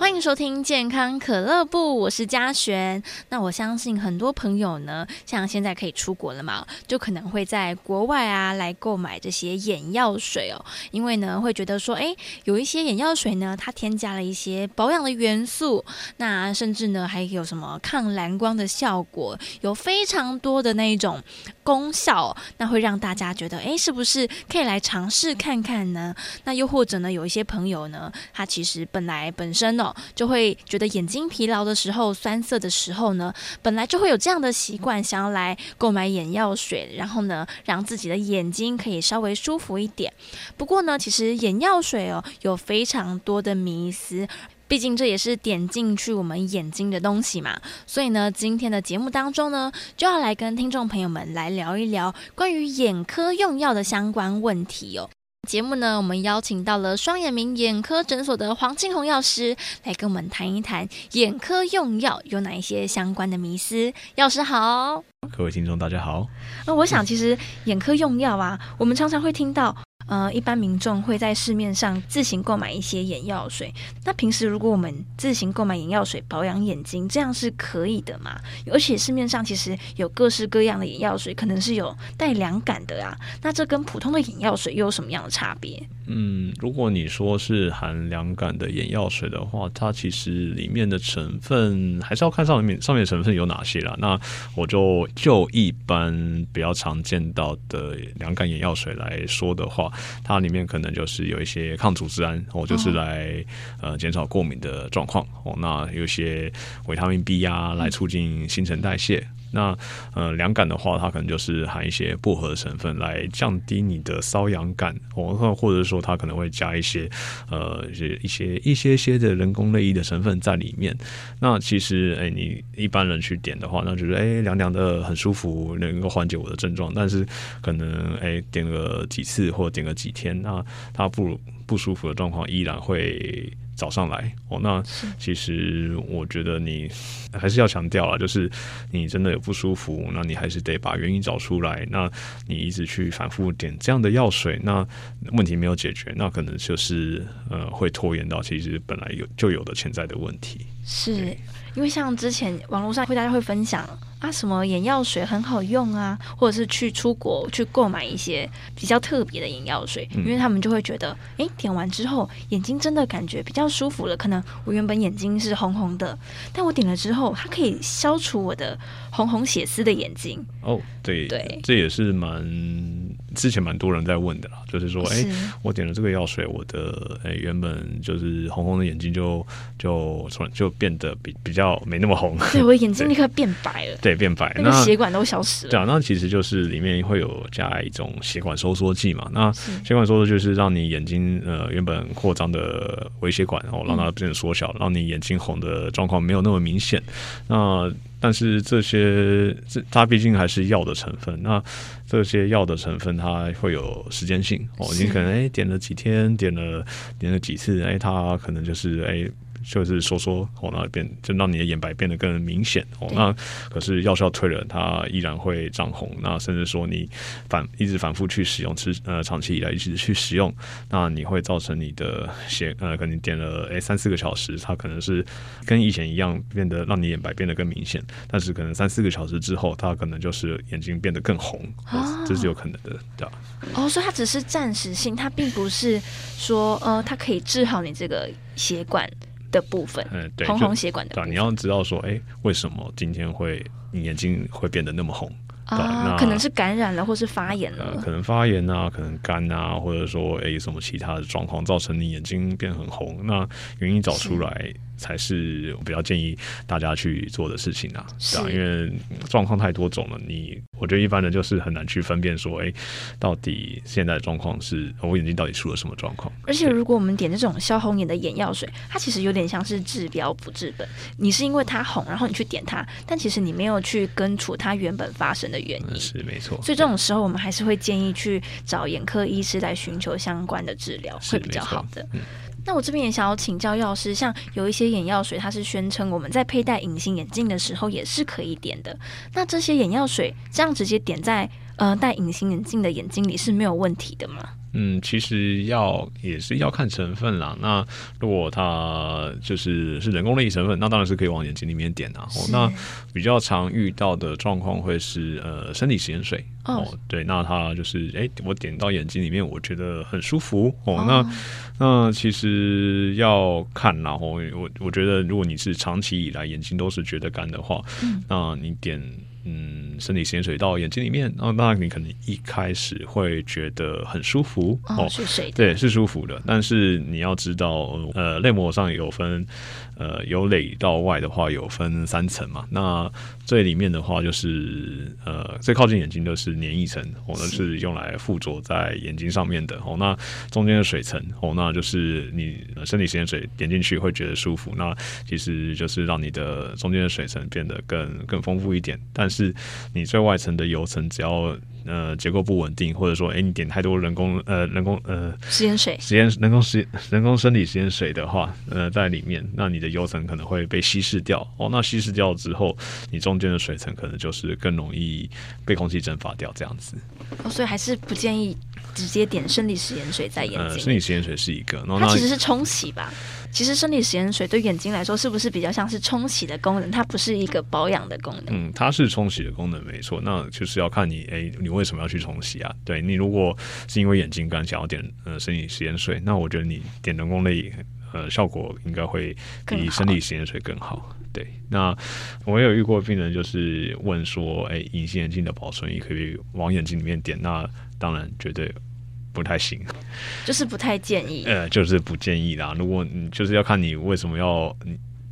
歡迎收聽健康可樂部，我是嘉璇。那我相信很多朋友呢，像現在可以出國了嘛，就可能會在國外啊來購買這些眼藥水哦，因為呢會覺得說，哎，有一些眼藥水呢，它添加了一些保養的元素，那甚至呢還有什麼抗藍光的效果，有非常多的那一種功效，那會讓大家覺得，哎，是不是可以來嘗試看看呢？那又或者呢，有一些朋友呢，他其實本來本身呢、哦。就會覺得眼睛疲勞的時候，酸澀的時候呢，本來就會有這樣的習慣，想要來購買眼藥水，然後呢，讓自己的眼睛可以稍微舒服一點。不過呢，其實眼藥水哦，有非常多的迷思，畢竟這也是點進去我們眼睛的東西嘛。所以呢，今天的節目當中呢，就要來跟聽眾朋友們來聊一聊關於眼科用藥的相關問題哦。節目呢，我們邀請到了雙眼明眼科診所的黃慶紘藥師來跟我們談一談，眼科用藥有哪一些相關的迷思？藥師好，各位聽眾大家好。那、呃、我想，其實眼科用藥啊，我們常常會聽到。呃，一般民眾會在市面上自行購買一些眼藥水。那平時如果我們自行購買眼藥水保養眼睛，這樣是可以的嗎？而且市面上其實有各式各樣的眼藥水，可能是有帶涼感的啊。那這跟普通的眼藥水又有什麼樣的差別？嗯，如果你說是含涼感的眼藥水的話，它其實裡面的成分還是要看上面上面成分有哪些啦。那我就就一般比較常見到的涼感眼藥水來說的話。它裡面可能就是有一些抗組織胺。哦，就是來呃減少過敏的狀況，哦，那有些維他命 B 呀，啊，來促進新陳代謝。那呃涼感的話，它可能就是含一些薄荷成分來降低你的瘙癢感，或或者說它可能會加一些呃一些一些一些的人工淚液的成分在裡面。那其實哎你一般人去點的話，那就是哎涼涼的很舒服，能夠緩解我的症狀。但是可能哎點個幾次或點個幾天，那它不不舒服的狀況依然會找上來哦，那其實我覺得你還是要強調啊，就是你真的有不舒服，那你還是得把原因找出來。那你一直去反複點這樣的藥水，那問題沒有解決，那可能就是呃會拖延到其實本來有就有的潛在的問題。是因為像之前網絡上會大家會分享。啊，什麼眼藥水很好用啊？或者是去出國去購買一些比較特別的眼藥水，嗯，因為他們就會覺得，哎，點完之後眼睛真的感覺比較舒服了。可能我原本眼睛是紅紅的，但我點了之後，它可以消除我的紅紅血絲的眼睛。哦，對對，這也是蠻之前蠻多人在問的了，就是說，哎是，我點了這個藥水，我的哎原本就是紅紅的眼睛就就突然就變得比比較沒那麼紅。對，我眼睛立刻變白了。對。也變白，那，那血管都消失了。對啊，那其實就是裡面會有加一種血管收縮劑嘛。那血管收縮就是讓你眼睛呃原本擴張的微血管，哦，讓它變得縮小，嗯、讓你眼睛紅的狀況沒有那麼明顯。那但是這些這它畢竟還是藥的成分，那這些藥的成分它會有時間性哦。你可能誒、欸、點了幾天，點了點了幾次，誒、欸、它可能就是誒。欸就是說說哦，那變就讓你的眼白變得更明顯哦。對那可是藥效退了，它依然會漲紅。那甚至說你反一直反復去使用，吃，呃，呃長期以來一直去使用，那你會造成你的血呃，可能點了哎三四個小時，它可能是跟以前一樣，變得讓你眼白變得更明顯。但是可能三四個小時之後，它可能就是眼睛變得更紅，哦、這是有可能的，對吧？哦，所以它只是暫時性，它並不是說呃，它可以治好你這個血管，的部分，對紅紅血管的部分，對，你要知道說，哎，為什麼今天會你眼睛會變得那麼紅？對啊，那可能是感染了，或是發炎了，呃、可能發炎吶、啊，可能乾吶、啊，或者說，哎，什麼其他的狀況造成你眼睛變很紅？那原因找出來，才是我比較建議大家去做的事情啊，是啊，是因為狀況太多種了，你我覺得一般人就是很難去分辨說，哎、欸，到底現在的狀況是我眼睛到底出了什麼狀況？而且，如果我們點這種消紅眼的眼藥水，對它其實有點像是治標不治本。你是因為它紅，然後你去點它，但其實你沒有去根除它原本發生的原因。是沒錯。所以，這種時候我們還是會建議去找眼科醫師來尋求相關的治療，對會比較好的。那我這邊也想要請教藥師，像有一些眼藥水，它是宣稱我們在佩戴隱形眼鏡的時候也是可以點的。那這些眼藥水這樣直接點在呃戴隱形眼鏡的眼睛裡是沒有問題的嗎？嗯，其實要也是要看成分啦。那如果它就是是人工淚液成分，那當然是可以往眼睛裡面點啦是。那比較常遇到的狀況會是呃生理鹽水哦、oh.，對。那它就是誒、欸，我點到眼睛裡面，我覺得很舒服哦。Oh. 那那其實要看啦，然後我我覺得如果你是長期以來眼睛都是覺得乾的話，嗯、那你點嗯。生理鹽水到眼睛裡面、啊、那你可能一開始會覺得很舒服哦，哦是水對，是舒服的。但是你要知道，呃，淚膜上有分，呃，由內到外的話有分三層嘛。那最裡面的話就是呃，最靠近眼睛的是黏液層，我、哦、們是，是用來附着在眼睛上面的哦。那中間的水層哦，那就是你生理鹽水點進去會覺得舒服，那其實就是讓你的中間的水層變得更更豐富一點，但是。你最外層的油層只要呃結構不穩定，或者說誒、欸、你點太多人工呃人工呃食鹽水，食鹽人工食人工生理食鹽水的話，呃在裡面，那你的油層可能會被稀釋掉哦。那稀釋掉之後，你中間的水層可能就是更容易被空氣蒸发掉這樣子。哦，所以還是不建議直接點生理食鹽水在眼睛。呃、生理食鹽水是一個，那其實是沖洗吧。其實生理鹽水對眼睛來說，是不是比較像是沖洗的功能？它不是一個保養的功能。嗯，它是沖洗的功能沒錯。那就是要看你，誒，你為什麼要去沖洗啊？對你，如果是因為眼睛乾，想要點呃生理鹽水，那我覺得你點人工淚液，呃，效果應該會比生理鹽水更好。更好，對，那我有遇過病人就是問說，誒，隱形眼鏡的保存也可以往眼睛裡面點，那當然絕對。不太行，就是不太建議。呃，就是不建議啦。如果你就是要看你為什麼要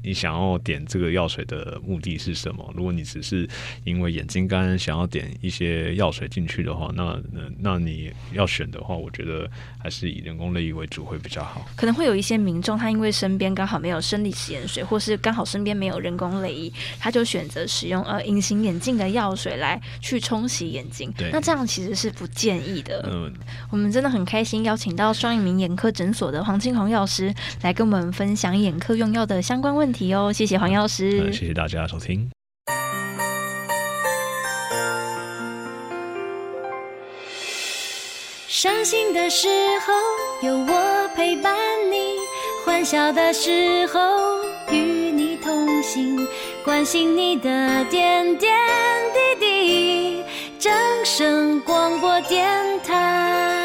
你想要點這個藥水的目的是什麼？如果你只是因為眼睛乾想要點一些藥水進去的話，那那你要選的話，我覺得還是以人工淚液為主會比較好。可能會有一些民眾，他因為身邊剛好沒有生理食鹽水，或是剛好身邊沒有人工淚液，他就選擇使用呃隱形眼鏡的藥水來去沖洗眼睛。對那這樣其實是不建議的。嗯，我們真的很開心邀請到雙眼明眼科診所的黃慶紘藥師來跟我們分享眼科用藥的相關問題。哦，謝謝黃藥師，嗯。謝謝大家收聽。傷心的時候有我陪伴你，歡笑的時候與你同行，關心你的點點滴滴。正聲廣播電台。